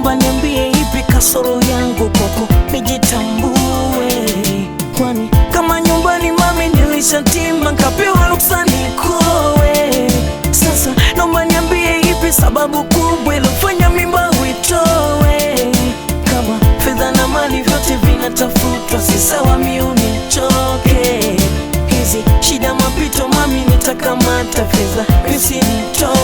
naomba niambie ipi kasoro yangu kwako nijitambue, kwani kama nyumbani mami nilishatima nkapewa ruksa nikowe. Sasa naomba niambie ipi sababu kubwa ilofanya mimba uitoe, kama fedha na mali vyote vinatafutwa, si sawa miuni choke hizi shida mapito mami, nitakamata fedha nisinitoe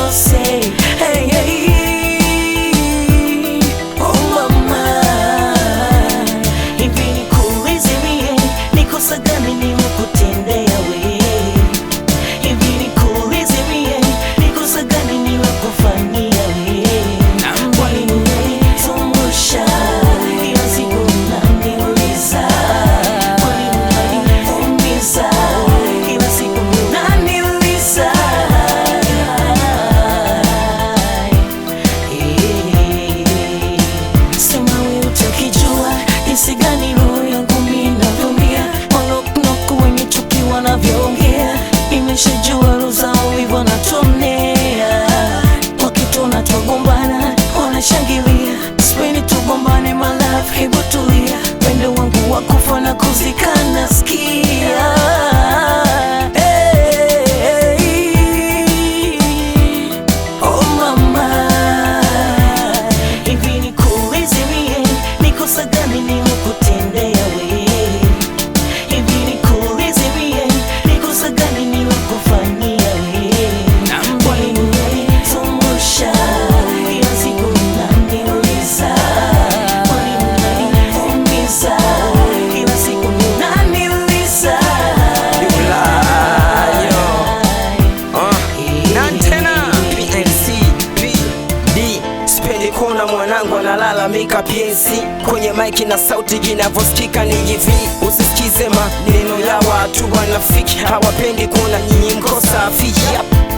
nalalamika PNC kwenye maiki na sauti jinavyosikika ni hivi, usisikize maneno ya watu wanafiki, hawapendi kuona nyinyi mkosa afiki.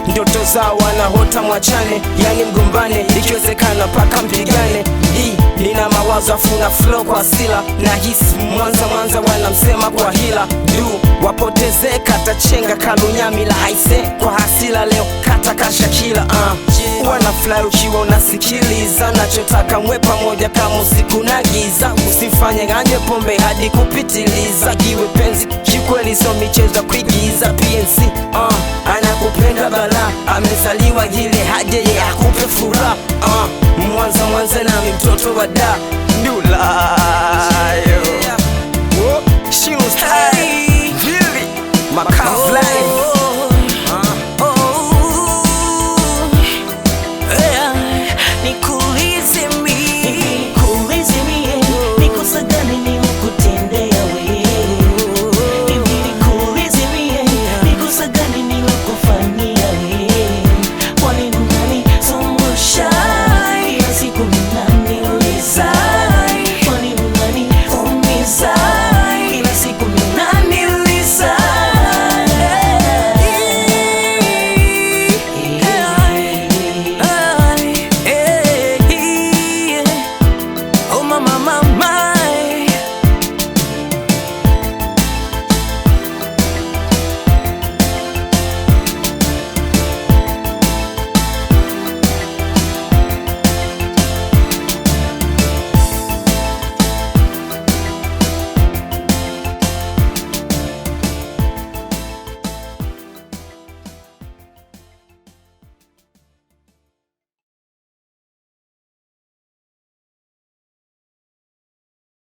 Ndoto za wanahota, mwachane, yani mgombane, ikiwezekana mpaka mpigane. Hii nina mawazo afuna flow kwa sila na hisi mwanza mwanza, wanamsema kwa hila du wapotezeka tachenga la haise kwa hasila leo kata kashakila uh. Ah. wana fly ukiwa unasikiliza nachotaka mwe pamoja kama usiku na giza usifanye nganywe pombe hadi kupitiliza kiwe penzi kikweli so michezo kuigiza PNC uh. Ah, anakupenda bala amezaliwa hile haje ye akupe furaha uh. Ah. mwanza mwanza nami mtoto wa